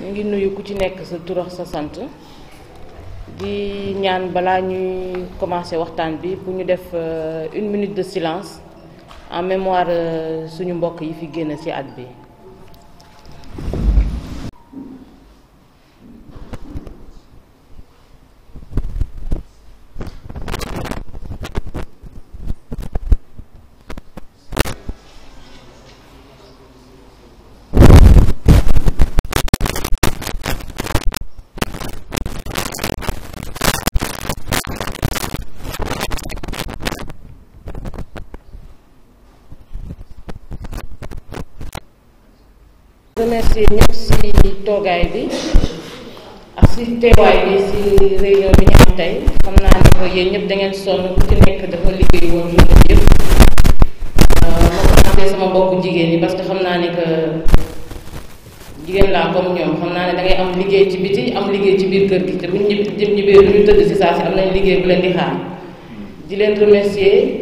ñu ngi nuyu ku ci nekk sa tur sa sant di ñaan balaa ñuy commencer waxtaan bi pour ñu def euh, une minute de silence en mémoire euh, suñu mbokk yi fi génn ci at bi. remercier ñëpp si toogaay bi ak si teewaay bi si réunion bi ñu tey xam naa ne ko yéen ñëpp dangeen ngeen sonn ku ci nekk dafa liggéey woon lu mu yëpp ma sama bopp jigéen ñi parce que xam naa ne que jigéen laa comme ñoom xam naa ne da am liggéey ci biti am liggéey ci biir kër gi te buñ ñëpp jëm ñibbee lu ñu tëdd si saa si am nañ liggéey bu leen di xaar di remercier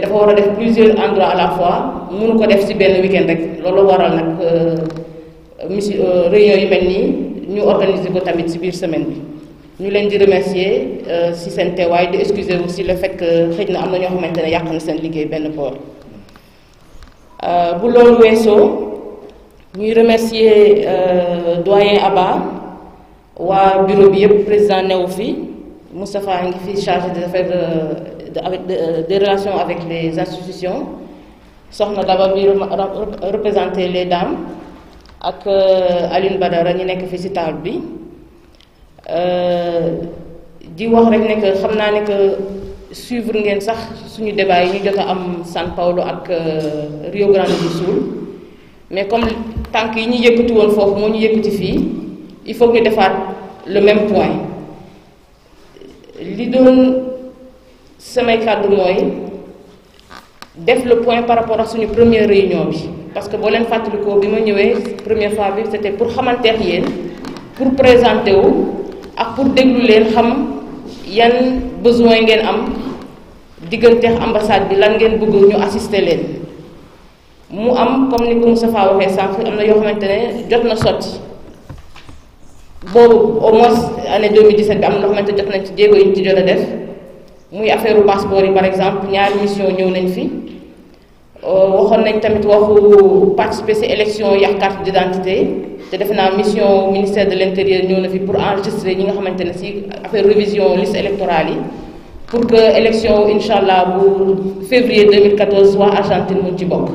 dafa war a def plusieurs endroits à la fois mënu ko def ci benn week-end rek loolu waral nag euh, misi euh, réunion yu mel nii ñu organiser ko tamit ci biir semaine bi ñu leen di remercier euh, ci seen teewaay di excuser aussi la fekk que na am na ñoo xamante ne yàq na seen liggéey benn port bu loolu weesoo ñuy remercier doyen Abba waa bureau bi yëpp président newu fi Moustapha ngi fi chargé des affaires avec euh, des relations avec les institutions soxna Daba bi représenter les dames ak euh, Aline Badara ñu nekk fi ci table bi euh, di wax rek ne xam naa ne que suivre ngeen sax suñu débat yi ñu jot a am São Paulo ak Rio Grande do Sul mais comme tànk yi ñu yëkkati woon foofu moo ñu yëkkati fii il faut ñu defaat le même point li doon. samay kàddu mooy def le point par rapport ak suñu première réunion bi parce que boo leen fàttalikoo bi ma ñëwee première fois bi c'était pour xamanteex yéen pour présenter wu ak pour déglu leen xam yan besoin ngeen am digganteex ambassade bi lan ngeen bëgg ñu assister leen mu am comme ni ko Moustapha waxee sànq am na yoo xamante ne jot na sotti boobu au moins année bi am na loo xamante jot nañ ci jéego yi ñu ci jot a def muy affaire passeport yi par exemple ñaari mission ñëw nañ fi euh, waxoon nañ tamit waxu participer ci élection yax carte d'identité te defe naa mission ministère de l'intérieur ñëw na fi pour enregistrer ñi nga xamante ne si affaire révision liste électorale yi pour que élection incha allah bu février 2014 waa Argentine ci bokk.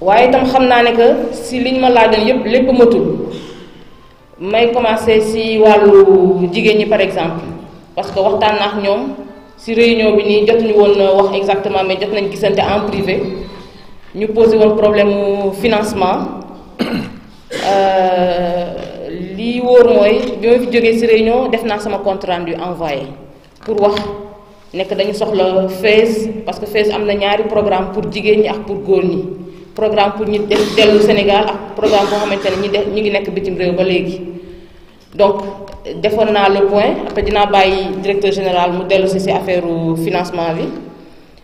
waaye itam xam naa ne si liñ ma laajoon yépp lépp matul. may commencer ci wàllu jigéen ñi par exemple parce que waxtaan naa ak ñoom ci réunion bi nii jotuñu woon wax exactement mais jot nañ gisante en privé ñu posé woon problème mu financement euh, lii woor mooy bi ma fi jógee ci réunion def naa sama compte rendu envoyé pour wax nekk dañu soxla FAISE parce que FAISE am na ñaari programme pour jigéen ñi ak pour góor ñi programme pour ñi dellu Sénégal ak programme boo xamante ne ñi de ñu ngi nekk bitim réew ba léegi donc defoon naa le point après dinaa bàyyi directeur général mu dellu si si affaire financement bi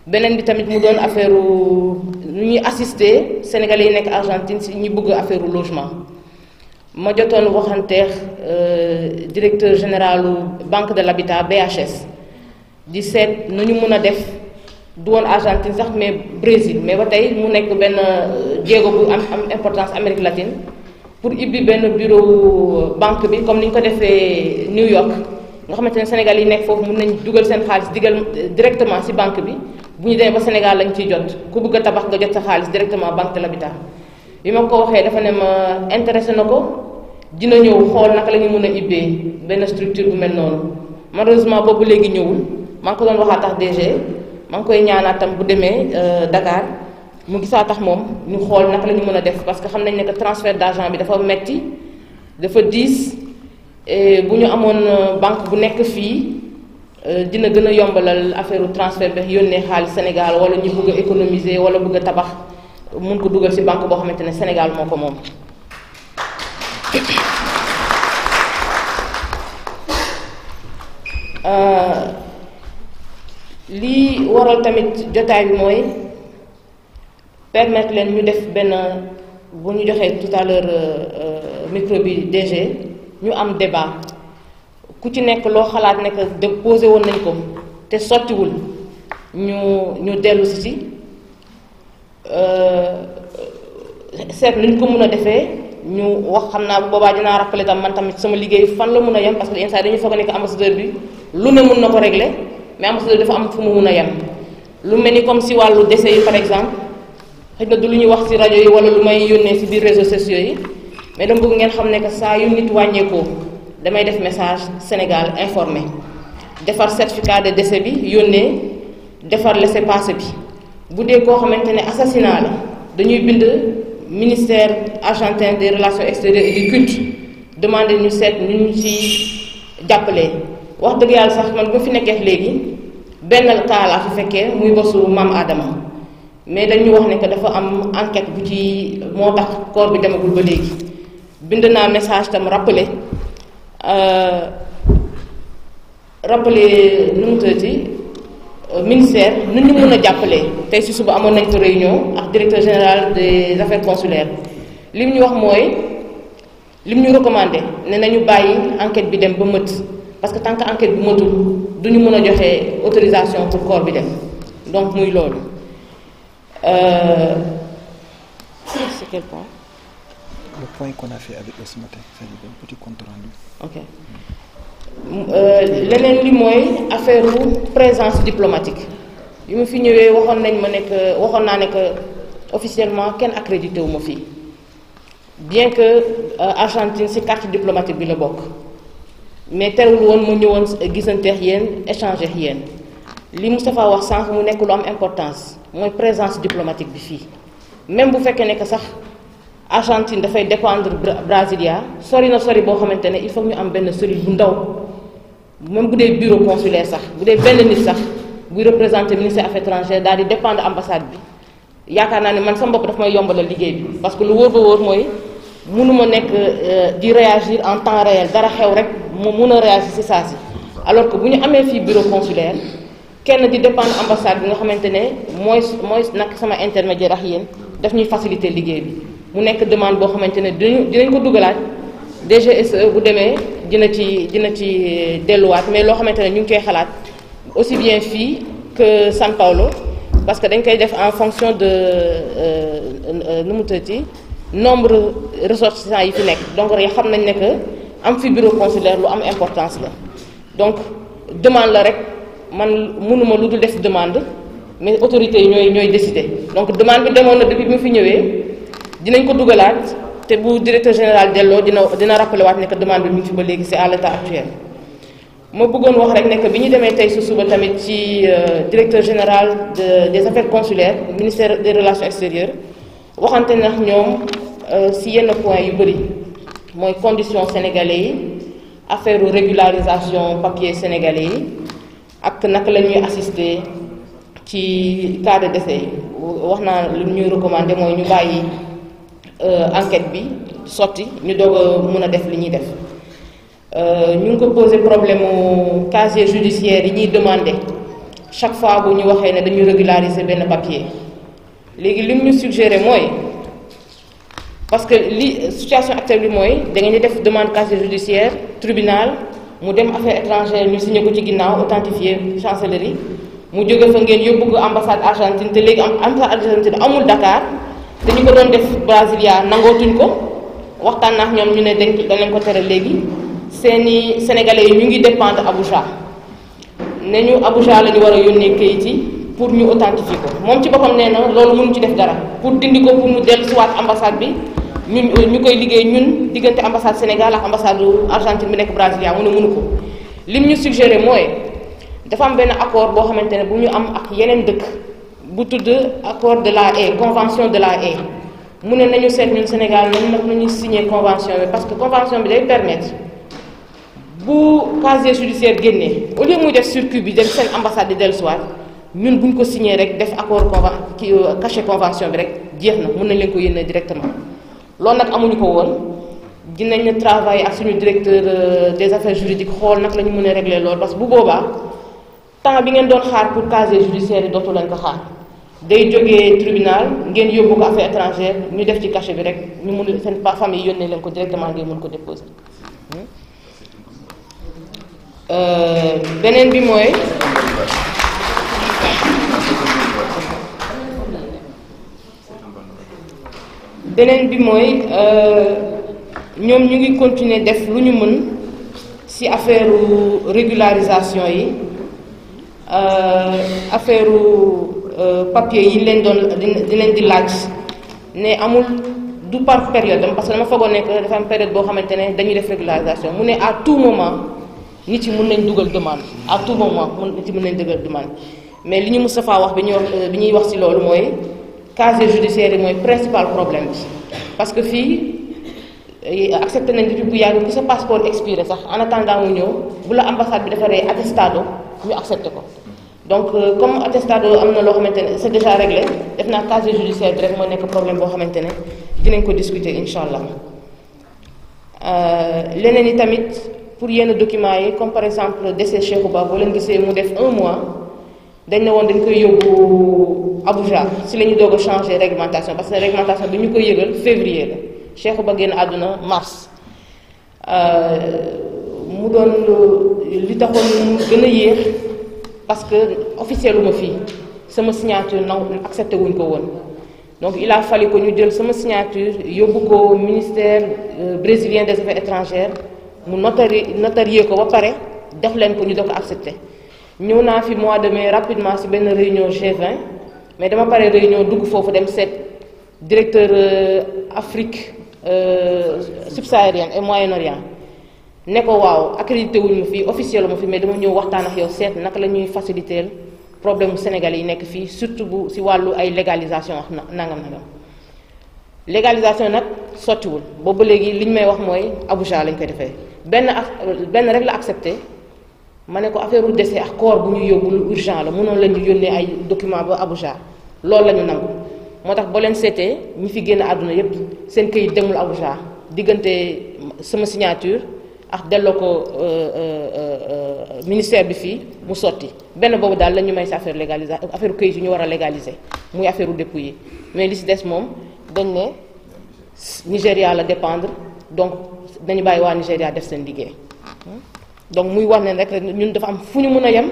beneen bi tamit mu doon affaire nu ñuy assister sénégalais yi nekk Argentine si ñu bugg affaire logement ma jotoon waxanteex euh, directeur généralu banque de l'habitat BHS di seet nu ñu mën a def du woon Argentine sax mais Brésil mais ba tey mu nekk benn euh, jéego bu am am importance Amérique latine. pour ibbi benn bureau banque bi comme ni ñu ko defee New York nga xamante ne Sénégal yi nekk foofu mun nañ dugal seen xaalis digal directement ci banque bi bu ñu demee ba Sénégal lañ ciy jot ku bëgg tabax nga jot sa xaalis directement banque la bi l'habitat bi ma ko waxee dafa ne ma intéressé na ko dina ñëw xool naka la ñu mën a ibbee benn structure bu mel noonu malheureusement boobu léegi ñëwul maa ngi ko doon waxaat tax DG maa ngi koy ñaanaatam bu demee euh, Dakar. mu gisaa tax moom ñu xool naka lañu ñu mën a def parce que xam nañ ne que transfert d' argent bi dafa metti dafa diis bu ñu amoon euh, banque bu nekk fii euh, dina gën a yombalal affaire transfert bi yónnee xaalis Sénégal wala ñu bëgg a économiser wala bëgg tabax mun ko dugal ci banque boo xamante ne Sénégal moo ko moom. Euh, lii waral tamit jotaay bi mooy. permettre leen ñu def benn bu ñu joxee tout à l'heure euh, euh, bi DG ñu am débat ku ci nekk loo xalaat nekk de posé woon nañ ko te sottiwul ñu ñu dellu si si euh, seet lu ñu ko mun a defee ñu wax xam naa bu boobaa dinaa rappelé tam man tamit sama liggéey fan la mun a yem parce que instant dañu foog nekk ambassadeur bi lu ne mun na ko régler mais ambassadeur dafa am fu mu mun a yem lu mel ni comme si wàllu décès yi par exemple xëy na du lu ñuy wax ci rajo yi wala lu may yónnee ci biir réseaux sociaux yi mais dama bëgg ngeen xam ne que saa yu nit wàññeekoo damay def message Sénégal informé defar certificat de décès bi yónnee defar laissez-passer bi bu dee koo xamante ne assassinat la dañuy bind ministère argentin des relations extérieures et du culte ñu seet ñu ñu ci jàppale wax dëgg yàlla sax man bu fi nekkee léegi benn cas laa fi fekkee muy bosu maam Adama. mais dañu wax ne que dafa am enquête bu ci moo tax corps bi demagul ba léegi bind naa message tam rappelé euh, rappelé nu mu tëddee euh, ministère nu ñu mën a jàppale tey si suba amoon nañ ko réunion ak directeur général des affaires consulaires lim ñu wax mooy lim ñu recommandé ne nañu bàyyi enquête bi dem ba mët parce que tant que enquête bi mëtul du ñu mën a joxe autorisation pour corps bi dem donc muy loolu. Euh, c'est euh, leneen li mooy affaire présence diplomatique bi ma fi ñëwee waxoon nañ ma ne waxoon naa ne que officiellement kenn accrédité wu ma fii bien que euh, Argentine ci carte diplomatique bi la bokk mais terewul woon mu ñëwoon gisanteex yéen échanger yéen li Moustapha wax sànq mu nekk am importance. mooy présence diplomatique bi fii même bu fekkee ne que sax Argentine dafay dépendre Brasilia sori na sori boo xamante ne il faut ñu am benn cellule bu ndaw même bu dee bureau consulaire sax bu dee benn nit sax buy représenté ministère affaires étrangères daal di dépendre ambassade bi yaakaar naa ne man sama bopp daf may yombalal liggéey bi parce que lu wóor ba wóor mooy mënuma nekk euh, di réagir en temps réel dara xew rek mu mun a réagir si saa si alors que bu ñu amee fii bureau consulaire kenn di dépendre ambassade bi nga xamante ne mooy mooy nag sama intermédiaire ak yéen def ñuy faciliter liggéey bi mu nekk demande boo xamante ne dinañ dinañ ko dugalaat DGSE bu demee dina ci dina ci delluwaat mais loo xamante ne ñu ngi koy xalaat aussi bien fii que São Paulo parce que dañ koy def en fonction de euh, euh, nu mu tëddee nombre ressortissants yi fi nekk donc rek xam nañ ne que am fi bureau consulaire lu am importance la donc demande la rek. man mënuma lu dul def demande mais autorités yi ñooy ñooy décider donc demande bi demoon na depuis bi mu fi ñëwee dinañ ko dugalaat te bu directeur général delloo dina dina rappelé ne que demande bi mu ngi fi ba léegi c'est à l'état moo ma bëggoon wax rek ne bi ñu demee tey su suba tamit ci euh, directeur général de des affaires consulaires ministère des relations extérieures waxante nax ñoom si euh, yenn point yu bëri mooy condition sénégalais yi affaire régularisation papier sénégalais yi. ak naka la ñuy assister ci cas de yi wax naa lu ñuy recommander mooy ñu bàyyi euh, enquête bi sotti ñu doog mun a def li ñuy def euh, ñu ngi ko posé problème mu casier judiciaire yi ñuy demandé chaque fois bu ñu waxee ne dañuy régulariser benn papier léegi li ñu suggéré mooy parce que li situation actuelle bi mooy da ñu def demande casier judiciaire tribunal. mu dem affaire étrangère ñu signé ko ci ginnaaw authentifié chancellerie mu jóge fa ngeen yóbbu ko ambassade Argentine te léegi am ambassade Argentine amul Dakar te ñu ko doon def Brasilia nangootuñ ko waxtaan naa ñoom ñu ne dañ dañ leen ko tere léegi seeni sénégalais yi ñu ngi dépendre Abuja ne ñu Abuja la ñu war a yónnee kayit pour ñu authentifier ko moom ci boppam nee na loolu mënu ci def dara pour dindi ko pour mu dellusiwaat ambassade bi. ñun ñu koy liggéey ñun diggante ambassade Sénégal ak ambassade Argentine bi nekk Brasilia mu ne mënu ko li lim ñu suggéré mooy dafa am benn accord boo xamante ne bu ñu am ak yeneen dëkk bu tudd accord de la Haye convention de la a mu ne nañu seen ñun Sénégal nan nag nañu signer convention bi parce que convention bi day permettre bu casier judiciaire génnee au lieu muy def circuit bi def seen ambassade di dellusiwaat ñun bu ñu ko signer rek def accord conven euh, cachet convention bi rek jeex na mën nañ leen ko yónnee directement loolu nag amuñu ko woon dinañu travailler ak suñu directeur euh, des affaires juridiques xool nag la ñu mën a régler lool parce que bu boobaa tam bi ngeen doon xaar pour casier judiciaire yi dootu lañ ko xaar day jógee tribunal ngeen yóbbu ko affaire étrangère ñu def ci cachet bi rek ñu mun seen famille yónnee leen ko directement ngeen mun ko déposer hmm? euh, beneen bi mooy. beneen bi mooy euh, ñoom ñu ngi continuer def lu ñu mën ci affaire régularisation yi euh, affaire euh, papier yi leen doon di leen di laaj ne amul du par période parce que dama foogoon nekk dafa am période boo xamante ne dañuy def régularisation mu ne à tout moment nit yi mën nañ dugal demande à tout moment nit yi mën nañ dugal demande mais li ñu Moustapha wax bi ñuy wax bi ñuy wax ci loolu mooy casier judiciaire yi mooy principal problème bi parce que fii eh, accepté nañ di bu yàgg ku sa passeport expiré sax en attendant mu ñëw bu la ambassade bi defaree attestado ñu accepté ko donc euh, comme attestado am na loo xamante ne c'est déjà réglé def naa casier judiciaire bi rek mooy nekk problème boo xamante ne dinañ ko discuter incha allah euh, leneen yi tamit pour yenn documents yi comme par exemple décès Cheikhou Ba boo leen gisee mu def un mois. dañ ne woon dañ koy yóbbu Abuja si la ñu doog a changé réglementation parce que réglementation bi ñu koy yëgal février la Cheikh ba génn àdduna mars euh, mu doon li taxoon mu gën a yéex parce que officiel ma fii sama signature naw accepté wuñ ko woon donc il a fallu ñu jël sama signature yóbbu ko ministère euh, brésilien des affaires étrangères mu notari notarié ko ba pare def leen ko ñu doog ko accepté ñëw naa fi mois de mais rapidement si benn réunion G20 mais dama pare réunion dugg foofu dem seet directeur euh, Afrique euh, subsaharienne et Moyen-Orient ne ko waaw accrédité wuñ ma fii officiel ma fi mais dama ñëw waxtaan ak yow seet naka la ñuy faciliter problème Sénégal yi nekk fii surtout bu si wàllu ay légalisation wax nangam-nangam légalisation nag sottiwul boobu léegi li ñu may wax mooy Abuja lañ koy defee benn ak benn rek la accepté. ma ne ko affaire décès ak corps bu ñu yóbbu lu urgent la mënoon la ñu yónnee ay document ba Abuja loolu la ñu nangu moo tax boo leen seetee ñi fi génn àdduna yépp seen këyit demul Abuja diggante sama signature ak delloo ko euh, euh, euh, ministère bi fii mu sotti benn boobu daal la ñu may si affaire légalisa affaire këyit yu ñu war a légaliser muy affaire dépouille yi mais li si des moom dañ ne Nigéria la dépendre donc dañu bàyyi waa Nigéria def seen liggéey. donc muy wax neen rek ñun dafa am fu ñu mën a yem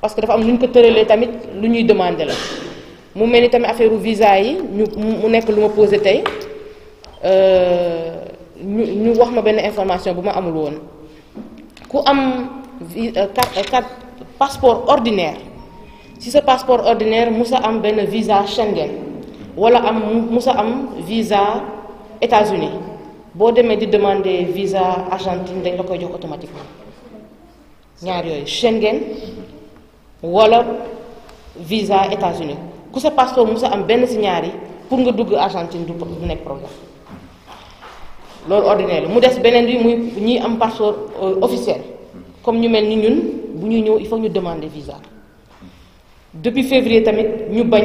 parce que dafa am lu ñu ko tëralee tamit lu ñuy demandé la mu mel ni tamit affaire visa yi ñu mu nekk lu ma posé tey euh, ñu ñu wax ma benn information bu ma amul woon ku am euh, carte passeport ordinaire si sa passeport ordinaire mu sa am benn visa Schengen wala am mu sa am visa États-Unis boo demee di demander visa Argentine dañ la koy jox automatiquement ñaar yooyu Schengen wala visa États-Unis ku sa passeport mu sa am benn si ñaar pour nga dugg Argentine du nekk problème loolu ordinaire la mu des beneen bi muy ñi am passeport euh, officiel comme ñu mel ni ñun bu ñuy ñëw il faut ñu demander visa depuis février tamit ñu bañ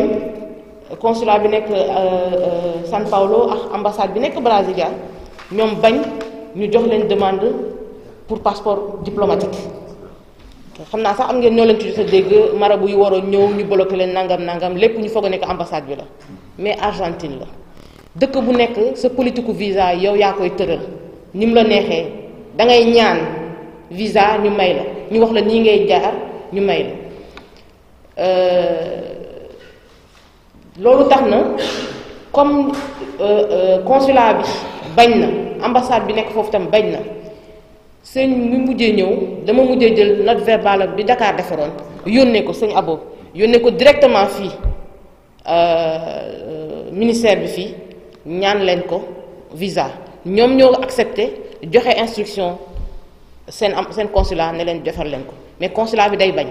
consulat bi nekk euh, euh, san Paulo ak ambassade bi nekk Brasilia ñoom bañ ñu jox leen demande pour passeport diplomatique xam naa sax am ngeen ñoo leen ci jot a dégg marabu yu waroon ñëw ñu bloqué leen nangam nangam lépp ñu foog a nekk ambassade bi la mais Argentine la dëkk bu nekk sa politique visa yow yaa koy tëral ni mu la neexee da ngay ñaan visa ñu may la ñu wax la nii ngay jaar ñu may la euh, loolu tax na comme euh, euh, consulat bi. bañ na ambassade bi nekk foofu tam bañ na seen mi mujjee ñëw dama mujjee jël note verbale bi Dakar defaroon yónnee ko sëñ Abo yónnee ko directement fii euh, ministère bi fii ñaan leen ko visa ñoom ñoo accepté joxe instruction seen am seen consulat ne leen defar leen ko mais consulat bi day bañ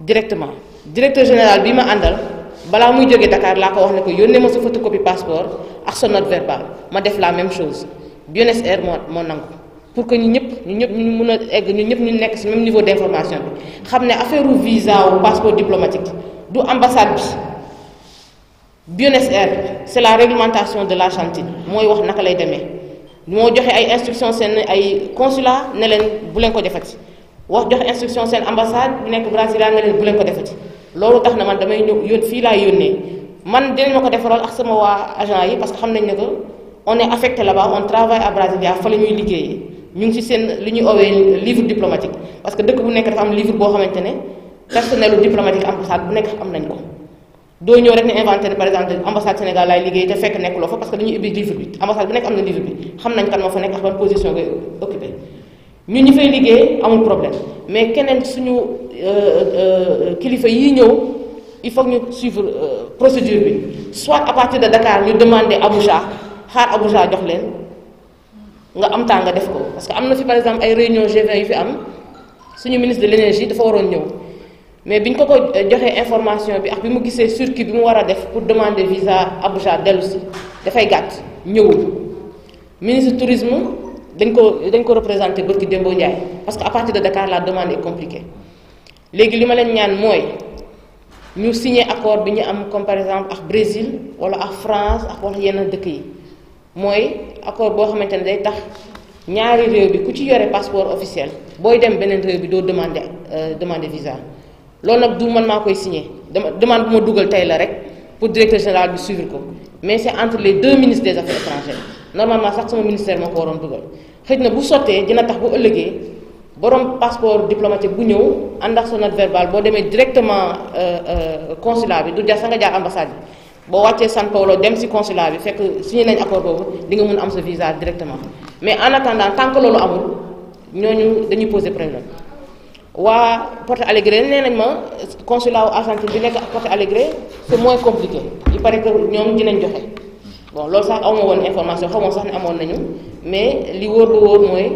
directement directeur général bi ma àndal. balaa muy jóge Dakar laa ko wax ne ko yónnee ma sa photocopie passeport ak sa note verbale ma def la même chose Buenos Aires moo moo pour que ñëpp ñëpp mun egg ñëpp ñu nekk ci même niveau d'information bi xam ne affaire u visa wu passeport du ambassade bi Buenos Aires c'est la réglementation de l'Argentine mooy wax naka lay demee moo joxe ay instruction seen ay consulat ne leen bu leen ko defati wax joxe instruction seen ambassade bu nekk Brasilia ne leen bu leen ko defati loolu tax na man damay ñëw yón fii laay ne man dinañ ma ko defaral ak sama waa agent yi parce que xam nañ ne que on est affecté là-bas on travaille à Brasilia fa la ñuy liggéeyee ñu ngi ci seen li ñu owee livre diplomatique parce que dëkk bu nekk dafa am livre boo xamante ne personnel diplomatique ambassade bu nekk am nañ ko doo ñëw rek ne inventé par exemple ambassade Sénégal laay liggéey te fekk nekk fa parce que dañuy ubbi livre bi ñun ñu fay liggéey amul problème mais keneen suñu euh, euh, kilifa yi ñëw il faut ñu suivre euh, procédure bi soit à partir de Dakar ñu demander Abuja xaar Abuja jox leen nga am temps nga def ko parce que am na fi par exemple ay réunion G20 yu fi am suñu ministre de l' énergie dafa waroon ñëw mais biñ ko ko joxee information bi ak bi mu gisee surcuit bi mu war a def pour demander visa Abuja dellu si dafay gàtt ñëwul ministre tourisme dañ ko dañ ko représenté bërki Dembo Ndiaye parce que à de Dakar laa demande est compliquée léegi li ma leen ñaan mooy ñu signer accord bi ñu am comme par exemple ak Brésil wala ak France ak wax yenn dëkk yi mooy accord boo xamante ne day tax ñaari réew bi ku ci yore passeport officiel booy dem beneen réew bi doo demande euh, demande visa loolu nag du man maa koy signer dama demande bu ma dugal tey la rek pour directeur général bi suivre ko mais entre les deux ministres des affaires normalement sax sama ministère moo ko waroon dugal xëj na bu sottee dina tax bu ëllëgee borom passeport diplomatique bu ñëw ànd ak sa note verbale boo demee directement euh, euh, consulat bi du jar sa nga jaar ambassade bi boo wàccee São Paulo dem si consulat bi fekk signé nañ accord boobu di nga mun am sa visa directement mais en attendant tant que loolu amul ñooñu dañuy poser problème waa Porto Alegre nee nañ ma consulat wu Argentine bi nekk Porto Alegre c'est moins compliqué il paraît que ñoom bon loolu sax aw woon information xaw ma sax ne amoon nañu mais li wóor ba wóor mooy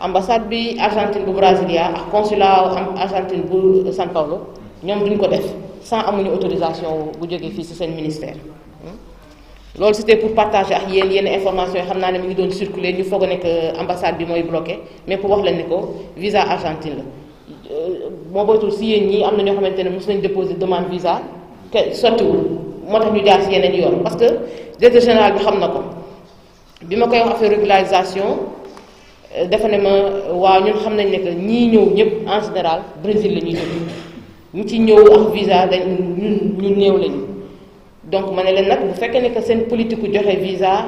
ambassade bi Argentine bu Brasilia ak consulat am Argentine bu san Paulo ñoom duñ ko def san amuñu autorisation bu jógee fii ci seen ministère. Hmm? loolu c'était pour partager ak yéen yenn information yi xam naa ne mu ngi doon circuler ñu foog a nekk ambassade bi mooy bloqué mais pour wax leen ko visa Argentine la moo euh, boytul si yéen ñi am na ñoo xamante ne mos nañ déposer demande visa ke sottiwul. moo tax ñu jaar ci yeneen yoon parce que directeur général xam na ko bi koy wax affaire régularisation euh, dafa ne ma waaw ñun xam nañ ne que ñii ñëw ñëpp en général Brésil la ñuy ñëw ñu ci ñëw ak visa dañ ñun ñu néew lañu donc ma ne leen nag bu fekkee ne que seen politique joxe visa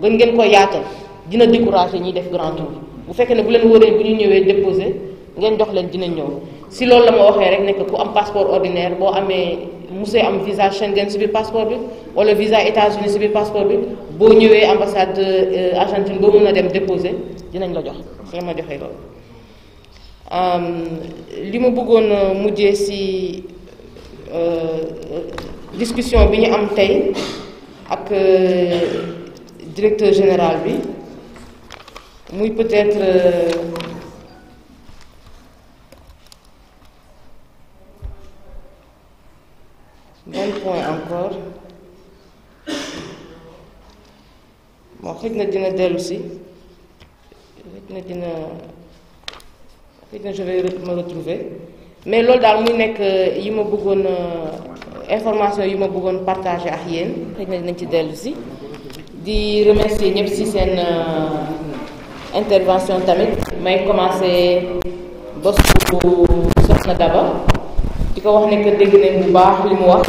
gën ngeen ko yaatal dina décourager ñuy def grand tour bu fekkee ne bu leen wóoree bu ñu ñëwee déposé ngeen jox leen dina ñëw. si loolu la ma waxee rek ne ku am passeport ordinaire boo amee musee am visa Schengen si biir passeport bi wala visa États-Unis si biir passeport bi boo ñëwee ambassade euh, Argentine boo mën a dem déposer dinañ la jox si la ma joxee loolu. li ma bëggoon mujjee si euh, discussion bi ñu am tey ak euh, directeur général bi muy peut-être. Bon point encore bon xëj na dina dellusi si xëj na dina xëj na je vais me retrouver mais loolu daal muy nekk euh, yi ma bëggoon euh, information yi ma bëggoon partager ak yéen xëj na dinañ ci dellusi si di remercier ñëpp si seen euh, intervention tamit may commencer bés bu soxna Daba ko wax ne que dégg nañ bu baax li mu wax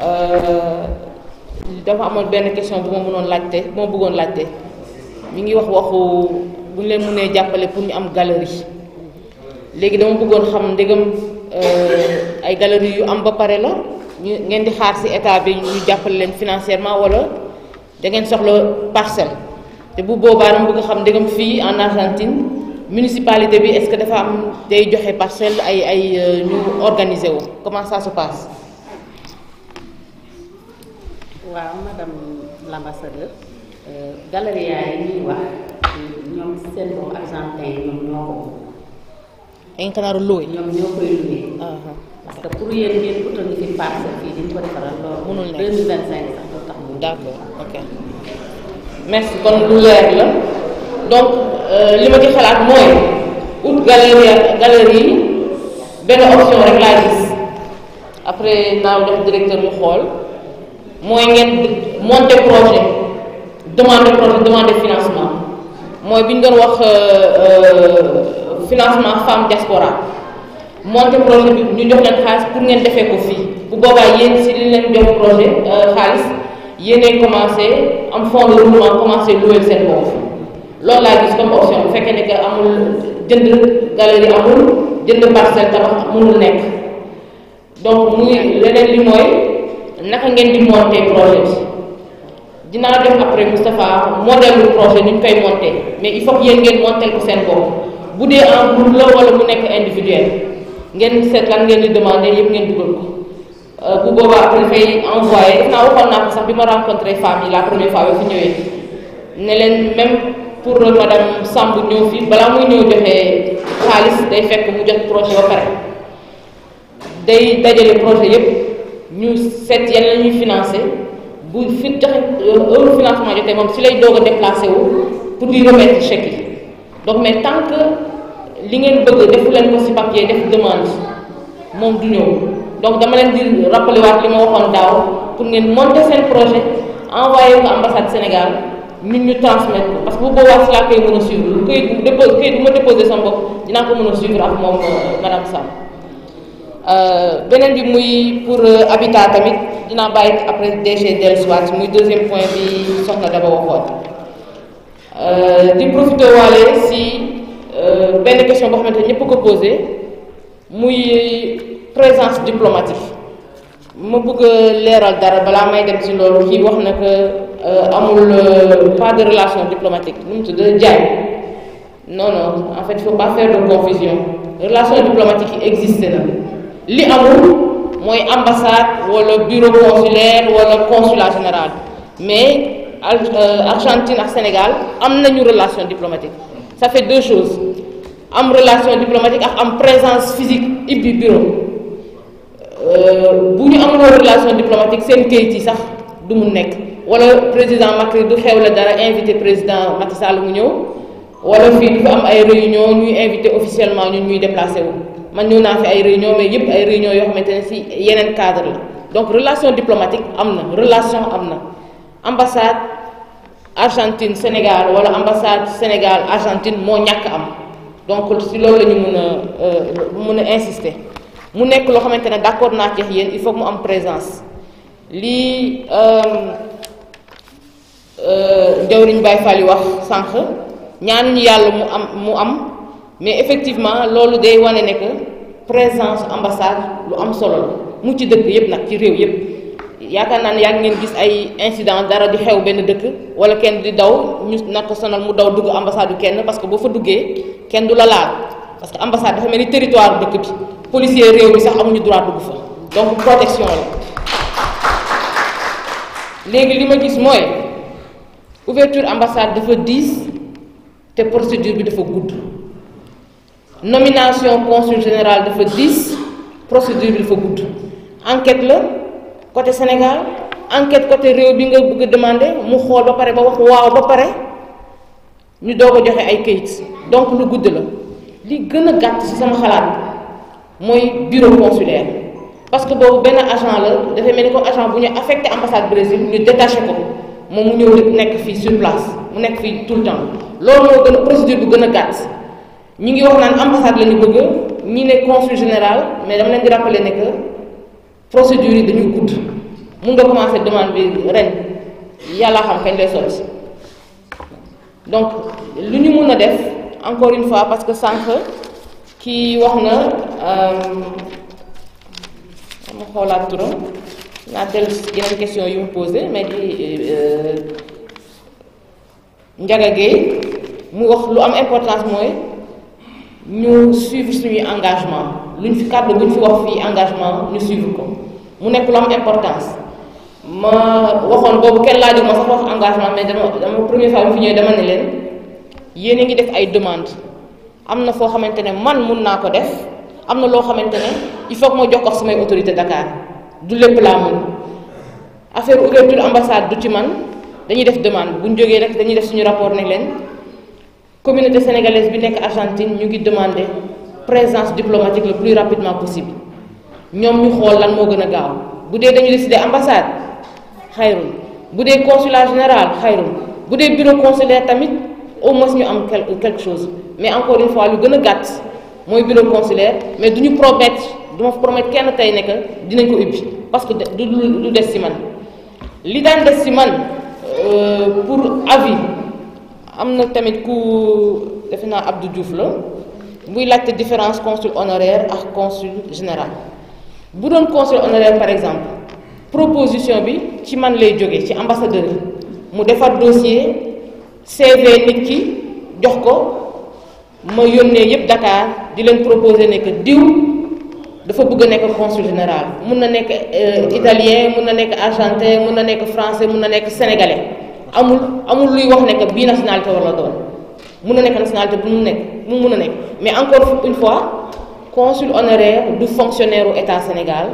euh, dafa amoon benn question bu ma mënoon laajte bu ma bëggoon laajte mi ngi wax waxu bu ñu leen mënee jàppale pour ñu am galerie léegi dama bëggoon xam ndegam euh, ay galerie yu am ba pare la ñu ngeen di xaar ci état bi ñu jàppale leen financièrement walla da ngeen soxla parcelle te bu boobaa dama bëgg xam ndegam fii en Argentine. municipalité bi est-ce que dafa am day joxe parcelle ay ay euh, ñu organisé wu comment ça se passe. waaw madame l'ambassadeur euh, galeria yi ñuy wax ñoom seen bopp argentin ñoom ñoo ko Encanaro koy loué uh-huh. parce que pour yéen ñu ko defaral mënul nekk 2025 sax doo kon lu leer la donc euh, li ma ci xalaat mooy ut galerie galerie benn option rek laa gis après naaw def directeur mu xool mooy ngeen monter projet demander projet demander financement mooy bi ñu doon wax euh, euh, financement femme diaspora monter projet bi ñu jox leen xaalis pour ngeen defee ko fii bu boobaa yéen si li leen jox projet xaalis yéenay commencé am fonds de roulement commencé louer seen bopp. loolu laa gis comme option bu fekkee ne que amul jënd galerie amul jënd parcelle tabax mënul nekk donc muy leneen li mooy naka ngeen di monter projet bi dinaa def après Moustapha modèle projet ni ñu koy monter mais il faut que yéen ngeen monter ko seen bopp bu dee en groupe la wala mu nekk individuel ngeen seet lan ngeen di demander yëpp ngeen dugal ko euh, bu boobaa après dafay envoyé naa waxoon naa ko sax bi ma rencontré femme yi la première fois ba ñëwee ne leen pour madame Samb ñëw fii balaa muy ñëw joxe xaalis day fekk mu jot projet ba pare day dajale projet yépp ñu seet yan la ñuy financé bu fi joxe heure financement jotee moom si lay doog a déplacé wu pour di remettre chèque yi donc mais tant que li ngeen bëgg defu leen ko si papier def demande moom du ñëw donc dama leen di rappelé waat li ma waxoon daaw pour ngeen monter seen projet envoyé ko ambassade Sénégal nit ñu transmettre parce que bu boobaa si laa koy mën a suivre lu koy dépo kayit bu ma déposé sama bopp dinaa ko mën a suivre moom euh, madame Samb euh, beneen bi muy pour euh, habitat tamit dinaa bàyyi après DG dellusiwaat muy deuxième point bi soxna daba waxoon di profité waale si benn question boo xamante ne ñëpp ko posé muy présence diplomatique. ma bëgg leeral dara balaa may dem ci loolu kii wax na que euh, amul euh, pas de relation diplomatique nu mu tudd jaay non non en fait faut pas faire de confusion relation diplomatique existe na li amul mooy ambassade wala bureau consulaire wala consulat général mais euh, Argentine ak Sénégal am nañu relation diplomatique ça fait deux choses am relation diplomatique ak am présence physique ibbi bureau Euh, bu ñu amuloo relation diplomatique seen kayit yi sax du mu nekk wala président Macky du la dara invité président Macky Sall mu ñëw wala fii du fi am ay réunion ñu invité officiellement ñun ñuy déplacé wu man ñëw naa fi ay réunion mais yëpp ay réunion yoo xamante ne si yeneen cadre la donc relation diplomatique am na relation am na ambassade Argentine Sénégal wala ambassade Sénégal Argentine moo ñàkk am donc si loolu la ñu mën a euh, mën a insisté mu nekk loo xamante ne d'accord naa ci yéen il faut mu am présence lii euh, euh, njawriñ bàyyi Fall yi wax sànq ñaanuñu yàlla mu am mu am mais effectivement loolu day wane ne que présence ambassade lu am solo mu ci dëkk yépp nag ci réew yépp yaakaar naa ne yaa ngeen gis ay incident dara di xew benn dëkk wala kenn di daw ñu nag ko sonal mu daw dugg ambassade yu kenn parce que boo fa duggee kenn du la laal parce que ambassade dafa mel ni territoire dëkk bi policier réew mi sax amuñu droit dugg fa donc protection la léegi li ma gis mooy ouverture ambassade dafa diis te procédure bi dafa gudd nomination consul général dafa diis procédure bi dafa gudd enquête la côté Sénégal enquête côté réew bi nga bëgg a demandé mu xool ba pare ba wax waaw ba pare ñu doog a joxe ay kayit donc lu gudd la li gën a gàtt ci sama xalaat mooy bureau consulaire parce que boobu benn agent la defee mel ni ko agent bu ñu affecté ambassade Brésil ñu détaché ko moom mu ñëw nekk fii sur place mu nekk fii tout le temps loolu moo gën a procédure bu gën a gàtt ñu ngi wax naan ambassade la ñu bëgg ñi ne consul général mais dama leen di rappeler nekk que procédure yi dañuy gudd mu nga commencer demande bi ren yàlla xam kañ lay sotti donc lu ñu mun a def encore une fois parce que sànq. kii wax na euh, ma xoolaat turam naa dellu si yeneen question yu mu posé mais di euh, Ndiaga Gueye mu wax lu am importance mooy ñu suivre suñuy engagement ñu fi kàddu buñ fi wax fii engagement ñu suivre ko mu nekk lu am importance ma waxoon boobu kenn laaju ma sax wax engagement mais dama dama première fois bi fi ñëwee dama ne leen yéen a ngi def ay demande am na foo xamante ne man mun naa ko def am na loo xamante ne il faut que ma jox ko samay autorité Dakar du lépp laa mun affaire ouverture ambassade du ci man dañuy def demande bu ñu jógee rek dañuy def suñu rapport ne leen communauté sénégalaise bi nekk Argentine ñu ngi demande présence diplomatique le plus rapidement possible ñoom ñu xool lan moo gën a gaaw bu dee dañu décider ambassade xayrul bu dee consulat général xayrul bu dee bureau consulaire tamit. au moins ñu am quelque chose mais encore une fois lu gën a gàtt mooy bureau consulaire mais du ñu promettre du ma promettre kenn tey ne dinañ ko ubbi parce que du lu des ci man li daan des ci man euh, pour avis am na tamit ku defe naa Abdou Diouf la muy laajte différence consul honoraire ak consul général bu doon consul honoraire par exemple proposition bi ci man lay jóge ci ambassadeur mu defar dossier CV nit ci jox ko ma yónnee yëpp Dakar di leen proposé nekk que diw dafa bëgg a nekk consul général mun na nekk euh, italien mun na nekk argentin mun na nekk français mun na nekk sénégalais amul amul luy wax nekk que bii nationalité war la doon mun na nekk nationalité bu mu nekk mu mun a nekk mais encore une fois consul honoraire du fonctionnaire état Sénégal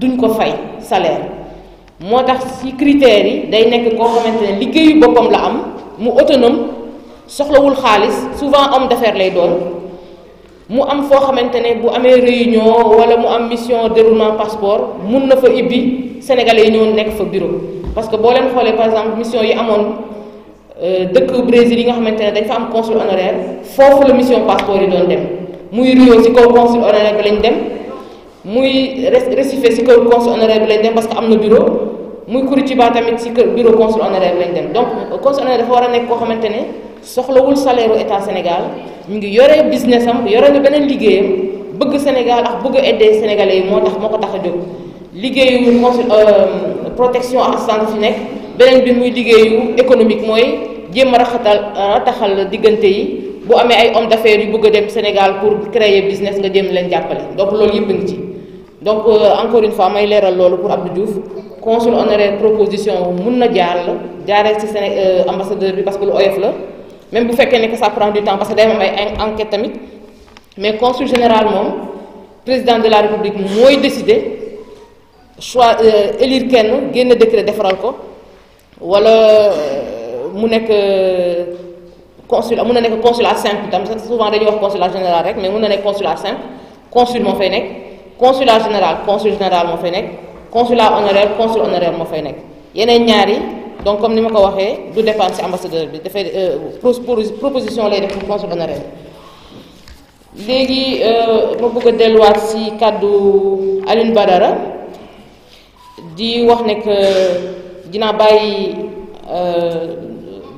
duñ ko fay salaire moo tax ci critères yi day nekk koo xamante ne liggéeyu boppam la am. mu autonome soxlawul xaalis souvent homme d'affaires lay doon mu am foo xamante ne bu amee réunion wala mu am mission déroulement passeport mun na fa ibbi sénégalais yi ñëw nekk fa bureau parce que boo leen xoolee par exemple mission yi amoon euh, dëkk Brésil yi nga xamante ne dañ fa am consul honoraire foofu la mission passeport yi doon dem muy Rio ci kaw consul honoraire bi lañ dem muy Recife ci kaw consul honoraire bi lañ dem parce que am na bureau muy Curitiba tamit si kër bureau consul honoraire lañ dem donc consul honoraire dafa war a nekk koo xamante ne soxlawul salaire état Sénégal mu ngi yore business am yore na beneen liggéeyam bëgg Sénégal ak bëgg a aider sénégalais yi moo tax moo ko tax a jóg liggéeyu consul euh, protection ak santé fi nekk beneen bi muy liggéeyu économique mooy jéem a raxatal rataxal diggante yi bu amee ay hommes d'affaires yu bëgg a dem Sénégal pour créer business nga jéem leen jàppale donc loolu yëpp ngi ci. donc euh, encore une fois may leeral loolu pour Abdou Diouf consul honoraire proposition mun na jaar la jaaree ci Séné euh, ambassadeur bi parce que lu oyof la même bu fekkee ne que ça prend du temps parce que day am tamit mais consul général moom président de la république mooy décider choix euh, élire kenn génn décret defaral ko wala mu nekk consul mun na nekk consulat simple tam souvent dañuy wax consulat général rek mais mun na nekk consulat simple consul moo fay nekk. consulat général consul général moo fay nekk consulat honoraire consul honoraire moo fay nekk yeneen ñaari donc comme ni ma ko waxee du dépendre ci ambassadeur bi dafay euh, proposition lay def pour consul honoraire léegi euh, ma bëgg a delluwaat ci kàddu Alioune Badara di wax ne que dinaa bàyyi euh,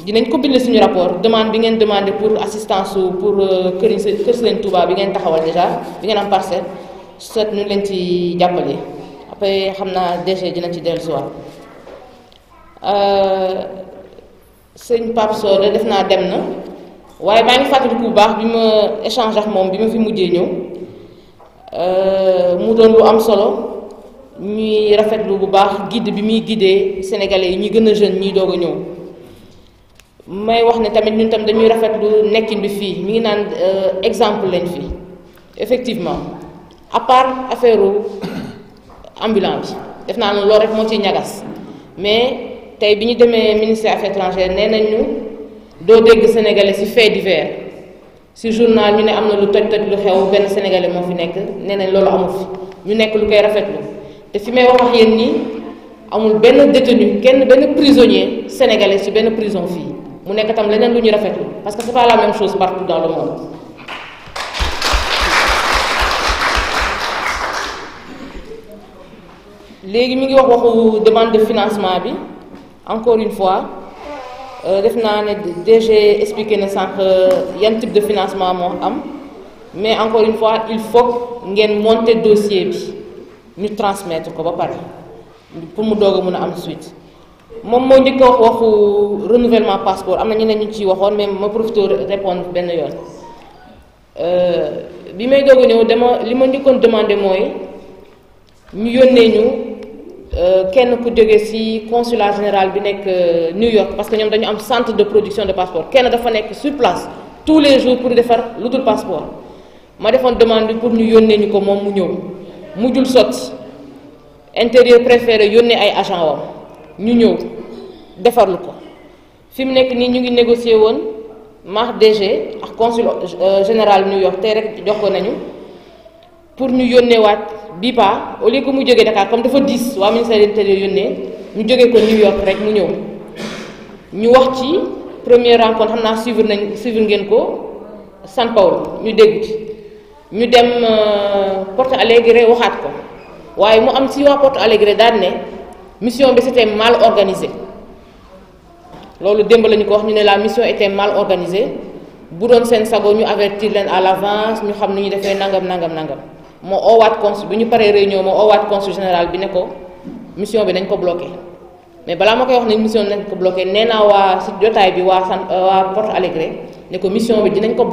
dinañ ko bind suñu rapport demande bi ngeen demandé pour assistance pour kër Kër Sëriñ Touba bi ngeen taxawal déjà bi ngeen am parcelle. seet nu leen ci jàppale après xam naa DG dina ci dellusiwaat euh, sëñ Pape de def naa dem na waaye maa ngi fàttaliku bu baax bi ma échange ak moom bi ma fi mujjee ñëw euh, mu doon lu am solo ñuy rafetlu bu baax gidd bi muy guidee sénégalais yi ñuy gën a jeune ñuy doog a ñëw may wax ne tamit ñu tam dañuy rafetlu nekkin bi fii mi ngi naan euh, exemple lañ fii effectivement à part affaire ambulance bi def naa ne loolu rek moo ciy ñagas mais tey bi ñu demee ministère affaires étrangères nee nañ ñu doo dégg sénégalais ci fait divers ci journal ñu ne am na lu toj toj lu xew benn sénégalais moo fi nekk nee nañ loolu amul fi ñu nekk lu koy rafet lu te fi may wax yéen nii amul benn détenu kenn benn prisonnier sénégalais ci benn prison fii mu nekk tam leneen lu ñu rafetlu parce que c'est pas la même chose partout dans le monde. léegi mi ngi wax waxu demande de financement bi encore une fois euh, def naa ne DG expliqué na sànq euh, yan type de financement moo am mais encore une fois il faut ngeen monter dossier bi ñu transmettre ko ba pare pour mu doog a mun a am suite moom moo njëkk a wax waxu renouvellement passeport am na ñeneen ñu ciy waxoon mais ma profité répondre benn yoon euh, bi may doog a ñëw dama li ma njëkkoon demandé mooy ñu yónnee ñu. Euh, kenn ku jóge ci consulat général bi nekk euh, New York parce que ñoom dañu am centre de production de passeport kenn dafa nekk sur place tous les jours pour defar lu dul passeport ma defoon demande bi pour ñu yónnee ñu ko moom mu ñëw mujjul sotti intérieur préféré yónnee ay agent wam ñu ñëw defarlu ko fi mu nekk nii ñu ngi négocier woon maax DG ak consul euh, général New York te rek jox ko nañu pour ñu yónneewaat bii pa au lieu que mu jógee Dakar comme dafa diis waa ministère de l'intérieur ne ñu jógee ko New York rek mu ñëw ñu wax ci premier rencontre xam naa suivre nañ suivre ngeen ko San Paulo ñu dégg ci ñu dem euh, Porto Alegre waxaat ko waaye mu am si waa Porto Alegre daan ne mission bi c'était mal organisée loolu démb la ko wax ñu ne la mission était mal organisée bu doon seen sago ñu avertir leen à l'avance ñu xam ni ñu defee nangam nangam nangam. moo oowaat cons bi ñu paree réunion moo oowaat consul général bi ne ko mission bi nañ ko bloqué mais balaa ma koy wax ne mission bi nañ ko bloqué nee naa waa si jotaay bi waa sant euh, waa Porto Alegre ne ko mission bi dinañ ko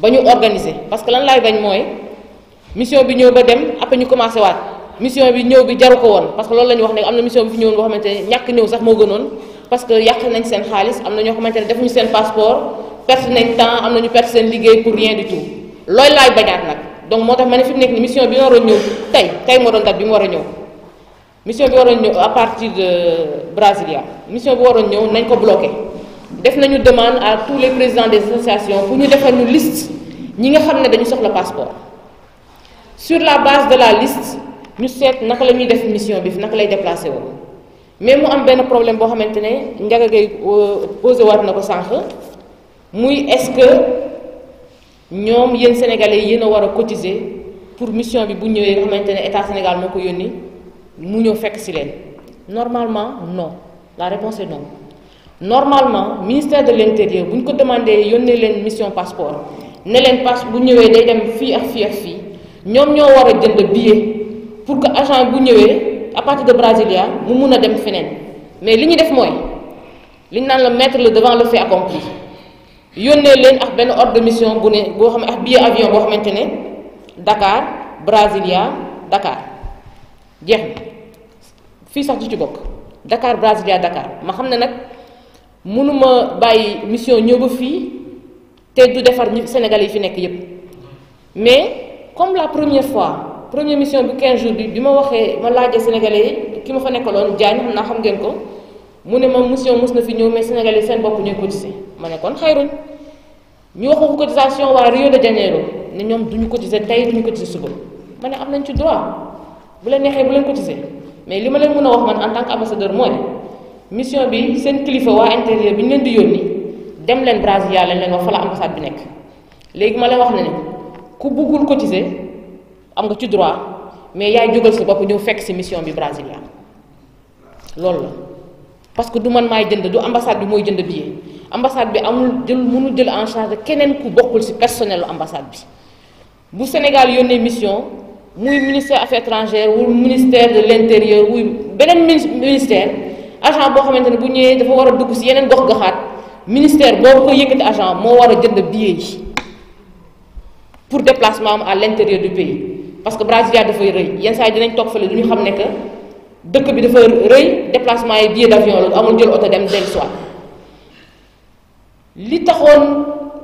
ba ñu organiser parce que lan laay bañ mooy mission bi ñëw ba dem après ñu commencé waat mission bi ñëw bi jaru ko woon parce que loolu la wax ne am na mission bi fi ñëwoon boo xamante ne ñàkk ñëw sax moo gënoon parce que yàq nañ seen xaalis am na ñoo xamante ne ñu seen passeport perte nañ temps am na ñu perte liggéey pour rien du tout looy laay bañaat nag. donc moo tax ma ne fi nekk ni mission bi waroon ñëw tey tey moo doon date bi mu war a ñëw mission bi waroon ñëw à partir de Brasilia mission bi waroon ñëw nañ ko bloqué def nañu demande à tous les présidents des associations pour ñu defal ñu liste ñi nga xam ne dañu soxla passeport sur la base de la liste ñu seet naka la ñuy def mission bi naka lay déplacé woon mais mu am benn problème boo xamante ne Ndiaga Gueye euh, posé waat na ko sànq muy est ñoom yéen sénégalais yi yéen a war a cotiser pour mission bi bu ñëwee nga xamante ne état Sénégal moo ko yónni mu ñëw fekk si leen normalement non la réponse est non normalement ministère de l'intérieur bu ñu ko demandé yónnee leen mission passeport ne leen passe bu ñëwee day dem fii ak fii ak fii ñoom ñoo war a jënd billet pour que agent bu ñëwee à partir de Brasilia mu mun a dem feneen mais li ñu def mooy li ñu naan la mettre la devant le fait accompli yónnee leen ak benn ordre de mission bu ne boo xam ne ak billet avion boo xamante ne Dakar Brasilia Dakar jeex na fii sax du ci bokk Dakar Brasilia Dakar ma xam ne nag mënuma bàyyi mission ñëw ba fii te du defar ñu Sénégalais yi fi nekk yépp mais comme la première fois première mission bi 15 jours bi bi ma waxee ma laajee Sénégalais yi ki ma fa nekkaloon Diagne xam naa xam ngeen ko mu ne ma mission mos na fi ñëw mais Sénégalais yi seen bopp ñooy si ma ne kon xayruñ ñu waxu cotisation waa Rio de Janeiro ne ñoom duñu cotiser tey duñu cotiser suba ma ne am nañ ci droit bu leen neexee bu leen cotiser mais li ma leen mën a wax man en tànk que ambassadeur mooy mission bi seen kilifa waa intérieur bi ñu leen di yónni dem leen Brasilia leen leen wax fa la ambassade bi nekk léegi ma lay wax na ne ku buggul cotiser am nga ci droit mais yaay jógal sa bopp ñëw fekk si mission bi Brasilia loolu la parce que du man maay jënd du ambassade bi mooy jënd billet ambassade bi amul jël mënul jël en charge keneen ku bokkul si personnelu ambassade bi bu Sénégal yónnee mission muy ministère affaires étrangères wul ministère de l'intérieur wuy beneen ministère agent boo xamante ne bu ñëwee dafa war a dugg si yeneen gox goxaat ministère boobu ko yëkkati agent moo war a jënd billet yi pour déplacement am à l'intérieur du pays parce que Brasilia dafay rëy yenn saa yi dinañ toog fële du ñu xam ne que dëkk bi dafa rëy déplacement yi billet d'avion la amul jël oto dem dellu soit li taxoon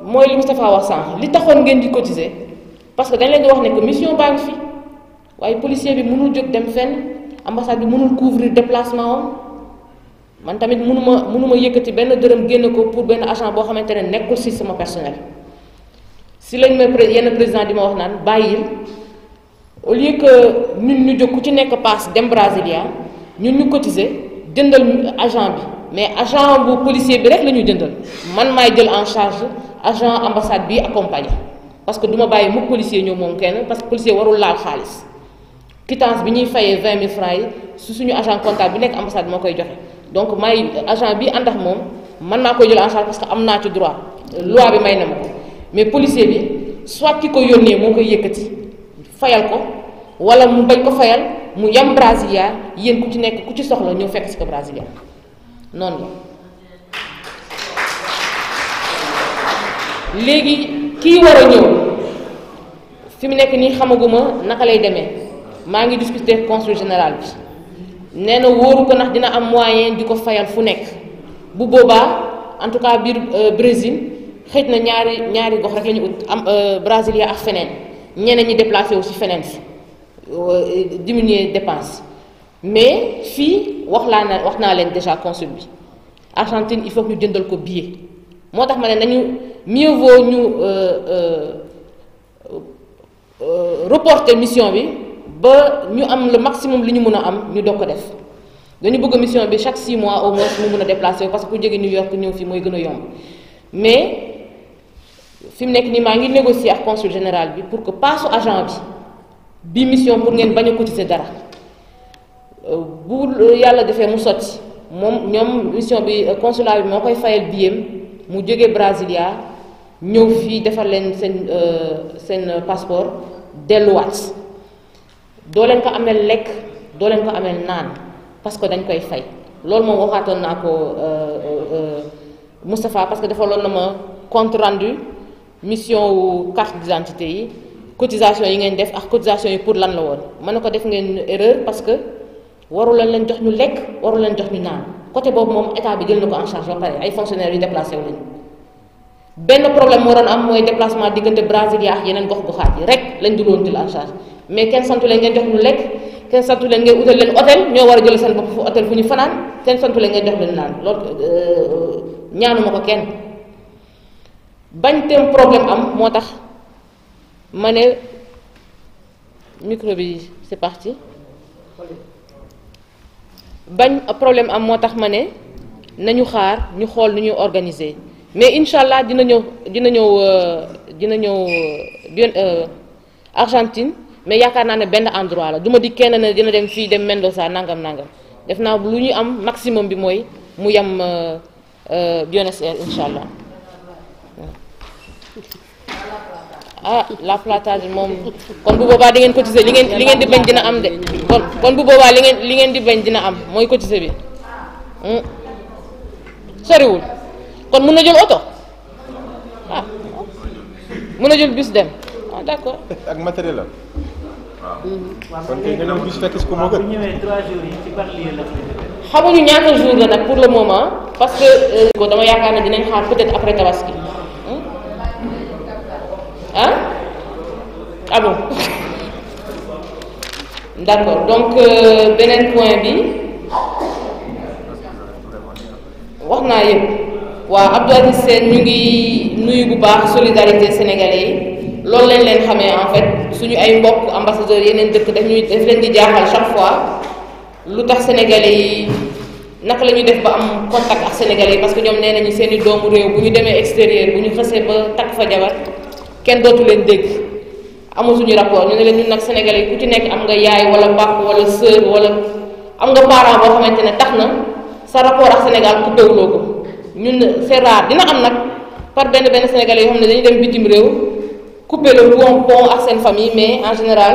mooy li Moustapha wax sànq li taxoon ngeen di cotiser parce que dañ leen wax ne que mission baa ngi fi waaye policier bi mënul jóg dem fenn ambassade bi mënul couvrir déplacement am man tamit mënuma mënuma yëkkati benn dërëm génn ko pour benn agent boo xamante ne nekkul si sama personnel si lañ may yenn président di ma wax naan bàyyil au lieu que ñun ñu jóg ku ci nekk paas dem Brasilia ñun ñu cotiser jëndal agent bi mais agent bu policier bi rek la ñu jëndal man maay jël en charge agent ambassade bi accompagné parce que du ma bàyyi mukk policier ñëw moom kenn parce que policier warul laal xaalis quittance bi ñuy fayee vingt mille francs yi su suñu agent comptable bi nekk ambassade moo koy joxe donc may agent bi ànd ak moom man maa koy jël en charge parce que am naa ci droit loi bi may na ma ko mais policier bi soit ki ko yónnee moo koy yëkkati fayal ko wala mu bañ ko fayal mu yam brasilia yéen ku ci nekk ku ci soxla ñëw fekk si ko brasilia noonu léegi kii war a ñëw fi mu nekk nii xamaguma naka lay demee maa ngi discuter consul général bi nee na wóoru ko ndax dina am moyen di ko fayal fu nekk bu boobaa en tout cas biir euh, Brésil xëj na ñaari ñaari gox rek la ut am euh, Brasilia ak feneen ñeneen ñi déplacé wu si feneen fi euh, diminuer dépense mais fii wax laa na wax naa leen déjà consul bi Argentine il faut ñu jëndal ko billet moo tax ma ne nañu mieux vaut ñu euh, euh, euh, reporter mission bi ba ñu am le maximum li ñu mën a am ñu doog ko def dañu bëgg mission bi chaque 6 mois au moins mu mën a déplacer parce que ku jóge New York ñëw fii mooy gën a yomb mais fi mu nekk nii maa ngi négocier ak consul général bi pour que paasu agent bi bi mission pour ngeen bañ a cotiser dara. bu yàlla defee mu sotti moom ñoom mission bi euh, consulat bi moo koy fayal biyem mu jógee Brasilia ñëw fii defar leen seen euh, seen passeport delluwaat doo leen ko amee lekk doo leen ko amee naan parce que dañ koy fay loolu moom waxaatoon naa ko euh, Moustapha parce que defaloon na ma rendu mission wu carte d'identité yi cotisation yi ngeen def ak cotisation yi pour lan la woon mën na ko def ngeen erreur parce warula leen leen jox ñu lekk waru leen jox ñu naan côté boobu moom état bi jël na ko en charge ba pare ay fonctionnaires yu déplacé lañu benn problème moo doon am mooy déplacement diggante Brasilia ak yeneen gox goxaat yi rek lañ dul woon jël en charge mais kenn santu leen ngeen jox ñu lekk kenn santu leen ngeen utal leen hôtel ñoo war a jël seen bopp fu hôtel fu ñu fanaan kenn santu leen ngeen jox leen naan euh, ñaanuma ko kenn bañ teem problème am moo tax ma ne micro bi c'est parti bañ problème am moo tax ma ne nañu xaar ñu xool nu ñu organiser mais incha allah dina ñëw dina ñëw euh, dina ñëw euh, euh, Argentine mais yaakaar naa ne benn endroit la du ma di kenn ne dina dem fii dem Mendoza nangam nangam def naa lu ñu am maximum bi mooy mu yem Buenos Aires incha allah. ah la platage moom kon bu boobaa di ngeen li ngeen li ngeen di bañ dina am de kon kon bu boobaa li ngeen li ngeen di bañ dina am mooy cotiser bi hmm. soriwul kon mun na jël oto ah mun na jël bis dem ah d'accord. ak matériel la waaw hmm. kon kay nga dem bus fekk si ko moo gën. xamuñu ñaata jour la nag pour le moment parce que. Euh, dama yaakaar ne dinañ xaar peut-être après tabaski. ah ah bon d'accord donc euh, beneen euh, point bi wax naa yëpp waa Abdou Aziz seen ñu ngi nuyu bu baax solidarité sénégalais yi loolu lañ leen xamee en fait suñu ay mbokk ambassadeurs yeneen dëkk daf ñuy daf leen di jaaxal chaque fois lu tax sénégalais yi naka la ñuy def ba am contact ak sénégalais yi parce que ñoom nee nañu seeni i doomu réew bu ñu demee extérieur bu ñu xësee ba takk fa jabar kenn dootu leen dégg amatuñu rapport ñu ne leen ñun nag sénégalais yi ku ci nekk am nga yaay wala papa wala sœur wala am nga parent boo xamante ne tax na sa rapport ak Sénégal ku ko ñun c'est rare dina am nag par benn benn sénégalais yoo xam ne dañu dem bitim réew couper le bon pont ak seen famille mais en général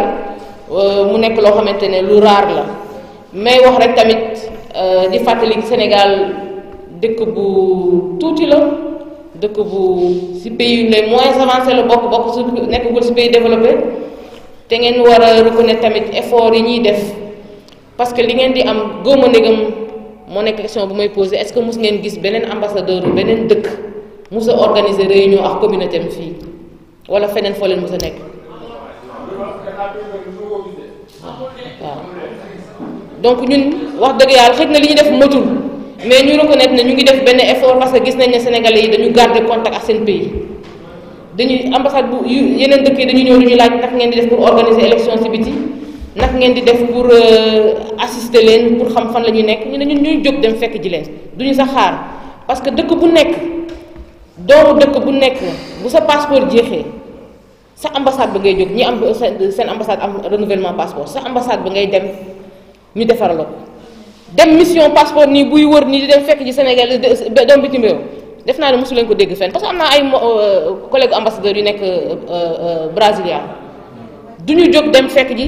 euh, mu nekk loo xamante ne lu rare la mais wax rek tamit euh, di fàttali Sénégal dëkk bu tuuti la. dëkk bu si pays les moins avancés la bokk bokk su nekkagul si pays développé te ngeen war a ne tamit effort yi ñuy def parce que li ngeen di am góoma négam moo nekk question bu may posé est-ce que mos ngeen gis beneen ambassadeur beneen dëkk mos a organiser réunion ak communauté am fii wala feneen foo leen mos a nekk. waaw donc ñun wax dëgg yàlla xëy na li ñu def matul. mais ñu reconnaître na ñu ngi def benn effort parce que gis nañ ne sénégalais yi dañu garder contact ak seen pays dañuy ambassade bu yeneen dëkk yi dañu ñëw ñu laaj naka ngeen di def pour organiser élection ci biti naka ngeen di def pour euh, assister leen pour xam fan la ñuy nekk ñu ne ñu ñuy jóg dem fekk ji leen duñu sax xaar parce que dëkk bu nekk doomu dëkk bu nekk bu sa passeport jeexee sa ambassade bu ngay jóg ñi am seen ambassade am renouvellement passeport sa ambassade ba ngay dem ñu defaraloo ko dem mission passeport nii buy wër nii di dem fekk ci Sénégal dem bitim réew def naa ne mosu leen ko dégg fenn parce am naa ay euh, collègue ambassadeur yu nekk euh, euh, brésilien du ñu jóg dem fekk ji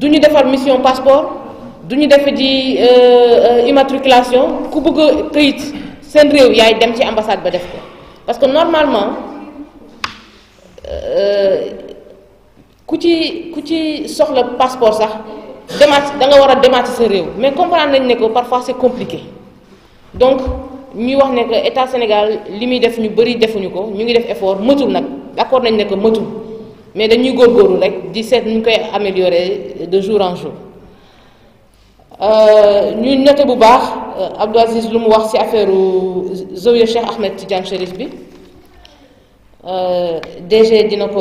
du ñu defar mission passeport du ñu def ji immatriculation ku bëgg a këyit seen réew yaay dem ci ambassade ba def ko parce que normalement ku ci ku ci soxla passeport sax démarche da war a démarche sa réew mais comprendre nañ ne que parfois c'est compliqué donc ñuy wax ne état Sénégal li muy def ñu bëri defuñu ko ñu ngi def effort mëtul nag d'accord nañ ne que mëtul mais dañuy góorgóorlu rek di seet ñu koy améliorer de jour en jour euh, ñu noté bu baax euh, Abdou Aziz lu mu wax ci affaire Zawiya Cheikh Ahmed Tidiane Chérif bi euh, DG dina ko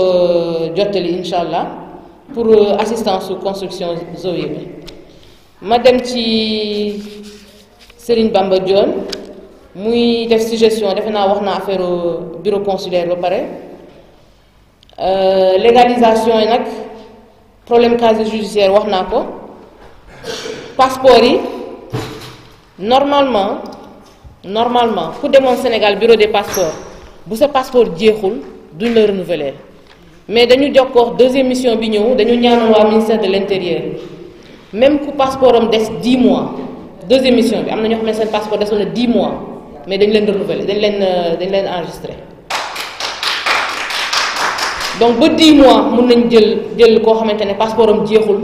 jottali incha allah. pour euh, assistance su construction zoe bi ma dem ci Serigne Bamba Dione muy def suggestion defe naa wax na affaire bureau consulaire ba pare euh, légalisation yi nag problème casier judiciaire wax naa ko passeport yi normalement normalement ku demoon Sénégal bureau des passeports bu sa passeport jeexul duñ la renouveler. mais dañu jox koo deuxième mission bi ñëw dañu ñaanoon waa ministère de l' intérieur même ku passeport am des 10 mois deuxième mission bi am na ñoo xam ne seen passeport desoon na 10 mois mais dañu leen renouveler dañu leen dañu leen enregistré donc ba 10 mois mun nañ jël jël koo xamante ne passeport am jeexul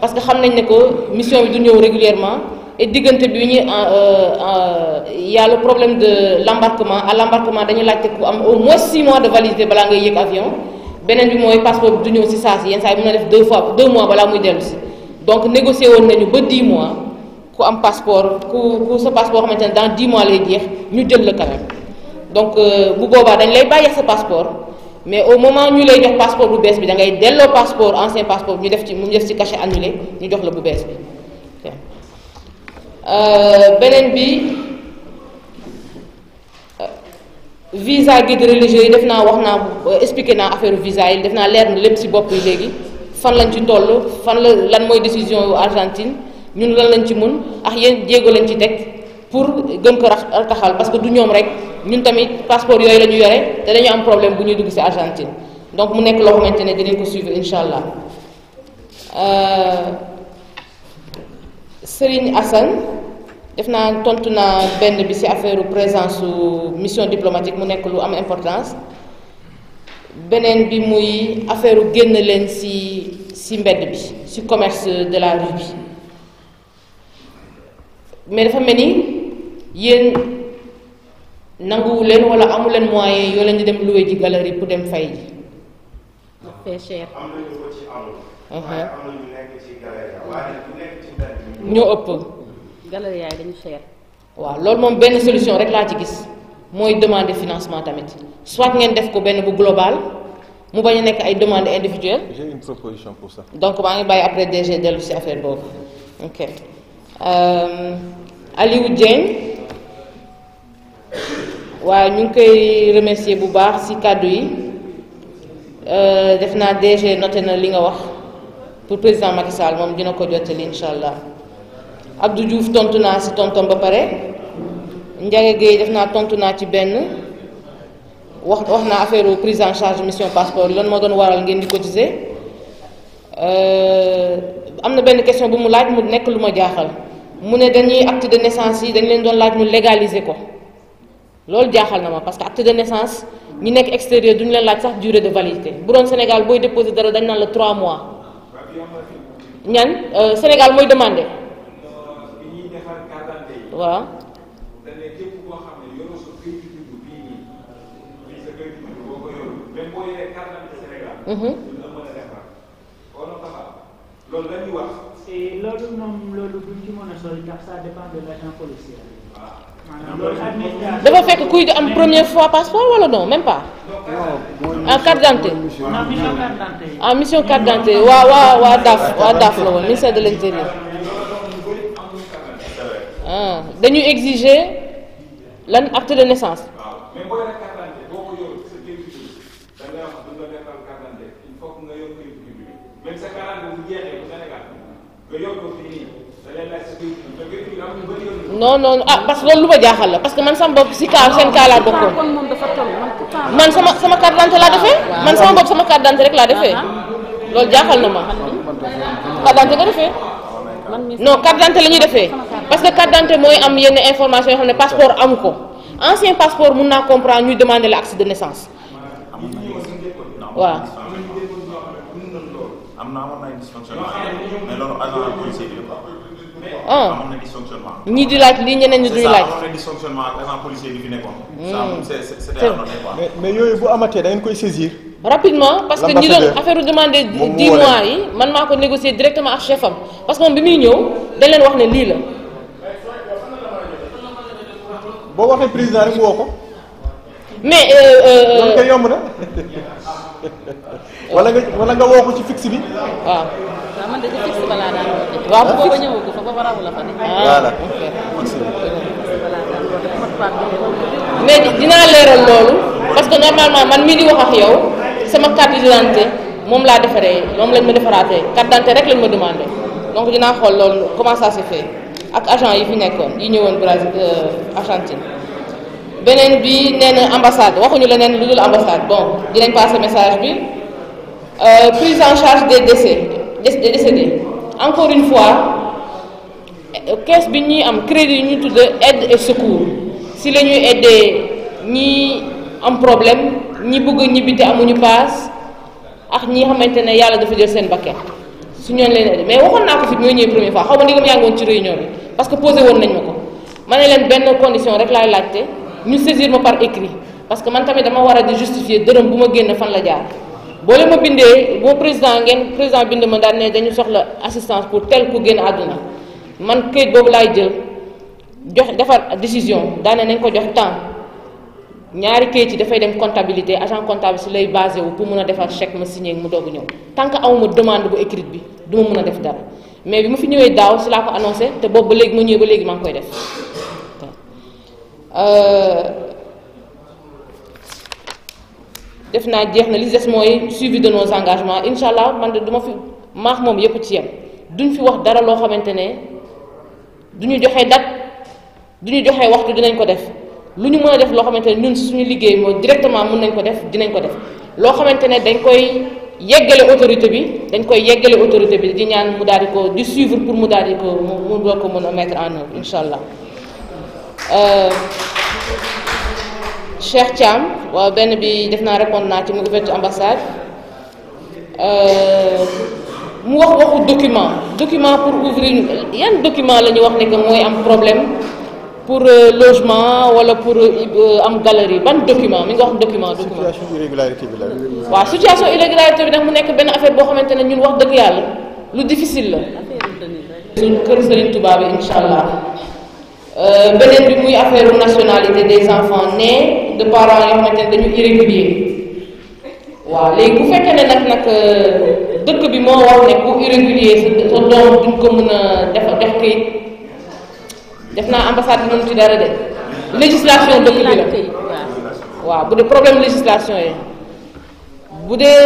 parce que xam nañ ne ko mission bi du ñëw régulièrement et diggante bi ñu euh, euh, y a le problème de l' embarquement à dañu laajte ku am au moins 6 mois de validité balaa ngay yëg avion. beneen bi mooy passeport bi du ñëw si saa si yenn saa yi mën na def deux fois deux mois balaa muy dellu donc négocier woon nañu ba dix mois ku am passeport ku ku sa passeport xamante ne dans dix mois lay jeex ñu jël la quand donc euh, bu boobaa dañ lay bàyyi sa passeport mais au moment ñu lay jox passeport bu bees bi da ngay delloo passeport ancien passeport ñu def ci mu def ci cachet annulé ñu jox la bu bees bi euh, beneen bi. visa guide religieux yi def naa wax naa euh, expliqué naa affaire visa yi def naa leer na lépp si bopp yi léegi fan lañ ci toll fan la lan mooy décision yu Argentine ñun lan lañ ci mun ax yéen jéego lañ ci teg pour gën ko taxal parce que du ñoom rek ñun tamit passeport yooyu la ñu yore te dañu am problème bu ñuy dugg si Argentine donc mu nekk loo xamante ne dinañ ko suivre incha allah euh, Serigne Assane. def naa tontu naa benn bi ci affaire présence su mission diplomatique mu nekk lu am importance beneen bi muy affaire génn leen ci ci mbedd bi ci commerce de la rue bi mais dafa mel ni yéen nanguwu leen walla amu leen moyen yoo leen di dem louer ji galerie pour dem fay ji. am uh-huh. ñoo ëpp. galerie yaay dañu cher. waaw loolu moom benn solution rek laa ci gis mooy demander financement tamit soit ngeen def ko benn bu global mu bañ a nekk ay demandes individuelles. j'ai une pour ça. donc maa ngi bàyyi après DG dellu si affaire boobu ok euh, Aliou Dieng waaw ñu ngi koy remercier bu baax si kaddu yi euh, def naa DG noté na li nga wax pour président Macky Sall moom dina ko jottali incha allah. Abdou Diouf tontu naa si tontom ba pare Ndiaga Guèye def naa tontu naa ci benn wax wax naa affaire prise en charge mission passeport lan moo doon waral ngeen di cotiser euh, am na benn question bu mu laaj mu nekk lu ma jaaxal mu ne dañuy acte de nessance yi dañ leen doon laaj mu légaliser ko loolu jaaxal na ma parce que acte de nessance ñi nekk extérieur duñu leen laaj sax durée de validité bu doon Sénégal booy déposer dara dañ naan la 3 mois ñan euh, Sénégal mooy demandé. waaw. Mhm. loolu la ñuy wax. loolu moom loolu duñ ci mën a sori ndax ça dépend de l'agent policier. Ah. maanaam loolu administration. dafa fekk kuy am première fois passeport wala non même pas. ah carte d'identité. DAF waaw DAF la woon de l'intérieur. ah dañuy exiger lan acte de naissance. non non ah parce que loolu lu ma jaaxal la parce que man sama bopp si kaa seen kaa laa bokkoon man sama sama carte d'identité laa defee man sama bopp sama carte d'identité rek laa defee loolu jaaxal na ma carte d'identité nga defee non carte d'identité la ñuy defee parce que carte d'identité mooy am yenn information yoo xam ne passeport amu ko ancien passeport mun naa comprendre ñuy demander la acte de naissance waaw. ah ñii di laaj lii ñeneen ñi duñu laaj. Hmm. mais mais yooyu bu amatee da ngeen koy saisir. rapidement parce que ñi doon affaire demandé dix mois yi man maa ko négocier directement ak chef am parce que moom bi muy ñëw dañ leen wax ne lii la. boo waxee président rek mu woo ko. mais. Euh, euh, euh, loolu kay yomb na. wala nga wala nga woo ko ci fixe bi. waaw. Ah. Ah, waaw man de ci fixe balaa daan ah, mais dinaa leeral loolu parce que normalement man mii di wax ak yow sama carte d'identité moom laa defaree moom lañ ma defaraatee carte rek lañ ma demandé donc dinaa xool loolu comment ça se ak agent yi fi nekkoon yi ñëwoon Brésil euh, Argentine beneen bi nee na ambassade waxuñu leneen lu dul ambassade bon dinañ passer message bi euh, prise en charge des décès des décédés encore une fois caisse bi ñuy am crédit yi ñu tudd aide et secours si la ñuy aider ñi am problème ñi bëgg ñibbi te amuñu paas ak ñi xamante ne yàlla dafa jël seen bakkan su ñoon leen aide mais waxoon naa ko fi mooy ñëw première fois xaw ma ni nga ci réunion bi parce que posé woon nañ ma ko ma ne leen benn condition rek laay laajte ñu saisir ma par écrit parce que man tamit dama war a di justifier dërëm bu ma génn fan la jaar boo leen ma bindee boo président ngeen président bind ma daan ne dañu soxla assistance pour tel ku génn àdduna man këyit boobu laay jël jox defar décision daane nañ ko jox temps ñaari këyit yi dafay dem comptabilité agent comptable si lay basé wu pour mun a defar chèque ma signé mu doog ñëw tant que awma demande bu écrite bi duma mun a def dara mais bi ma fi ñëwee daaw si laa ko annoncé te boobu ba léegi ma ñëwee ba léegi maa koy def def naa jeex na li des mooy suivi de nos engagements incha allah man de du ma fi maax moom yëpp ci yem duñ fi wax dara loo xamante ne du ñu joxe date du ñu joxe waxtu dinañ ko def lu ñu mën a def loo xamante ne ñun suñu liggéey mooy directement mën nañ ko def dinañ ko def loo xamante ne dañ koy. yeggale autorité bi dañ koy yeggale autorité bi di ñaan mu daal di ko di suivre pour mu daal di ko mu doo ko mën a mettre en œuvre incha allah euh, Cheikh Thiam waaw benn bi def naa répondre naa ci mu ouverture ambassade euh, mu wax waxu document document pour ouvrir yan document la ñu wax ne mooy am problème pour euh, logement wala pour euh, euh, am galerie ban document mi nga wax document. document situation irrégularité bi la. waaw situation irrégularité bi nag mu nekk benn lu difficile la. suñ kër Serigne Touba bi incha allah beneen bi muy affaire nationalité des enfants nés de parents yoo xamante ne dañu irrégulier waaw léegi bu fekkee ne nag nag dëkk bi moo wax ne ku irrégulier sa doom duñ ko mën a def def kayit. def naa ambassade bi mënu ci dara de législation dëkk bi la waaw bu dee problème législation yi bu dee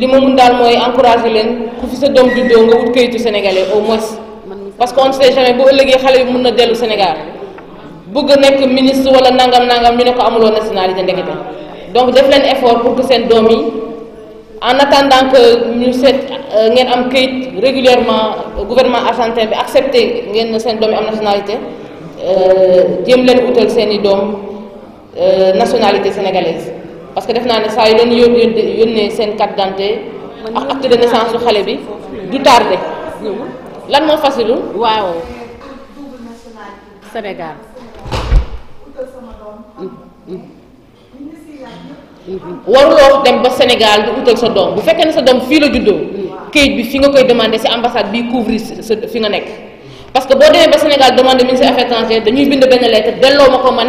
li ma mun daal mooy encourager leen ku fi sa doom juddoo nga wut kayitu sénégalais au moins parce que on sait jamais bu ëllëgee xale yi mun na dellu Sénégal bëgg nekk ministre wala nangam nangam ñu ne ko amuloo nationalité ndekete donc def leen effort pour que seen doom yi en attendant que ñu seet euh, ngeen am këyit régulièrement gouvernement argentin bi ak accepté ngeen na seen doom yi am nationalité euh, jéem leen utal seen i doom euh, nationalité sénégalaise parce que def naa ne saa yu leen yónnee seen carte d'identité ak acte de naissance xale bi du tardé lan moo fasilu waaw waruloo dem ba Sénégal di utal sa doom bu fekkee ne sa doom fii la juddoo këyit bi fi nga koy demandé si ambassade bi couvrir sa fi nga nekk parce que boo demee ba Sénégal demandé ministère affaires dañuy bind benn lettre delloo ma ko man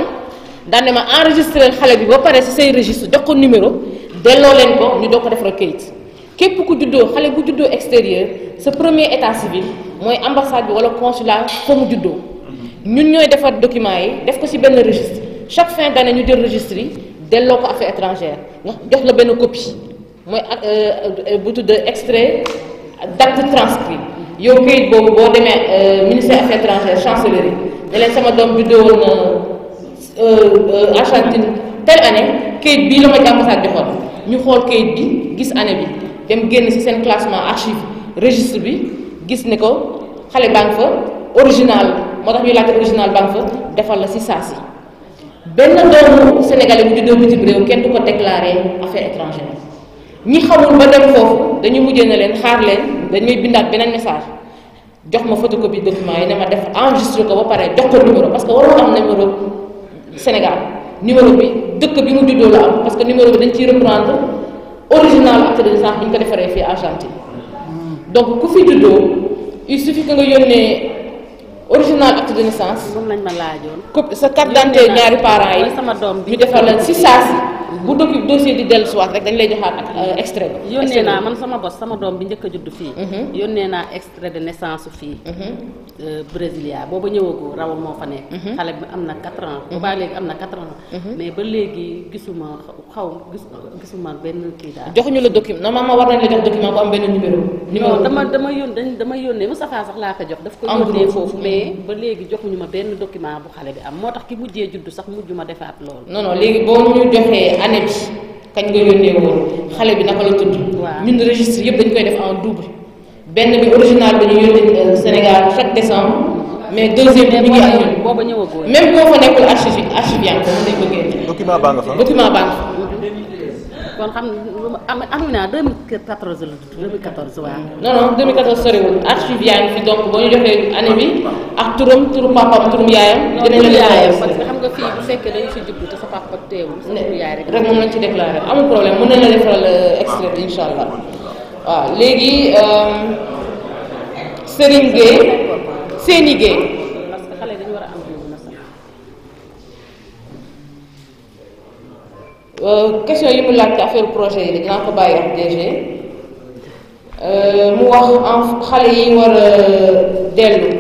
daane ma enregistré xale bi ba pare si say registre jox ko numéro delloo leen ko ñu doo ko defaral këyit képp ku juddoo xale bu juddoo extérieur sa premier état civil mooy ambassade wala consulat fa juddoo mhm. ñun ñooy defar documents yi def ko si benn registre chaque fin d'année ñu jël registre yi delloo ko affaire étrangère nga jox la benn copie mooy euh, bu tudd extrait d'acte transcrit yow këyit boobu boo demee euh, ministère affaires étrangères chancellerie ne leen sama doom juddoo euh, woon Argentine tele année kayit bii la ma jàmbasaat joxoon ñu xool këyit bi gis année bi dem génn si seen classement archive registre bi gis ni ko xale baa ngi fa original moo tax ñuy laajte original baa fa defal la ci saa si benn doomu sénégalais bu juddoo bitim réew kenn du ko déclaré affaire étrangère ñi xamul ba dem foofu dañu mujjee na leen xaar leen dañuy bindaat beneen message jox ma photocopie document yi ne ma def enregistré ko ba pare jox ko numéro parce que warul am numéro Sénégal numéro bi dëkk bi mu juddoo la am parce que numéro bi dañ ciy reprendre original acte de naissance ko defaree fii Argentine donc ku fi juddoo il suffit que nga yónnee. original acte de naissance. moom lañ ma laajoon. copie sa carte d'identité ñaari parents yi. sama doom bi ñu defal la si saa si. bu docu dossier di dellu siwaat euh, mm-hmm. bi yónnee naa man sama bos sama doom bi njëkk a judd fii mm-hmm. yónnee naa extrait de mm-hmm. euh, moo fa nekk xale am na quatre ans boobaa léegi am na quatre ans mais ba léegi xaw gisuma benn kii daal joxuñu la document normalement war la jox document bu am benn numéro numéro dama dama yón dañ dama yónnee sax laa ko jox daf ko yónnee foofu mais ba léegi joxuñu ma benn document bu xale bi am moo tax ki mujjee judd sax mujj ma defaat loolu non léegi boo ñu joxee année bi kañ nga yónnee woon xale bi na la tudd. ñun registre yëpp dañ koy def en double. benn bi original bi ñu yónnee euh, Sénégal chaque décembre. mais deuxième bi ñu ngi am ñun. même boo fa nekkul archive archiviant ko mën nañ ko génne. document baa nga fa document baa nga kon xam am amina 2014 la 2014 waaw. non non 2014 soriwul archive yaa ngi fi donc boo ñu joxee année bi ak turam turu papaam turum yaayam. dinañ la yaayam parce que xam bu fekkee dañu fi jublu te sa papa teewul. sa turu yaay rek rek moom lañ ci déclaré amul problème mën nañ la defaral euh, extrait incha allah waaw léegi euh, Serigne Gueye Euh, question yi mu laaj affaire projet yi dinaa ko bàyyi ak DG euh, mu wax en xale yi war a dellu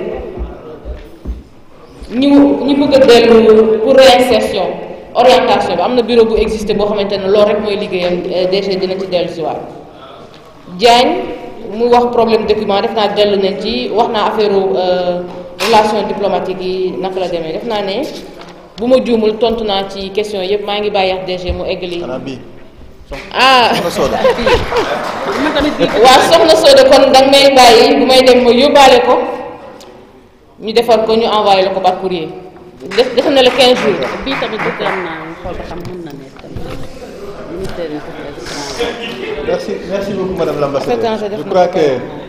ñi ñi bëgg a dellu pour réinsertion orientation bi am na bureau bu existé boo xamante ne loolu rek mooy liggéeyam euh, DG dina ci dellu si waat Diagne mu wax problème document def naa dellu nañ ci wax naa affaire relation diplomatique yi naka la demee def naa ne bu ma juumul tontu naa ci question yëpp maa ngi bàyyi ak DG mu eggali. ah waaw soxna Soda kon danga may bàyyi bu may dem ma yóbbaale ko ñu defar ko ñu envoyé la ko par courrier def def na la 15 jours. bii tamit dëkk am naa xool ba xam mën na nekk merci merci beaucoup madame l'ambassadeur je crois que.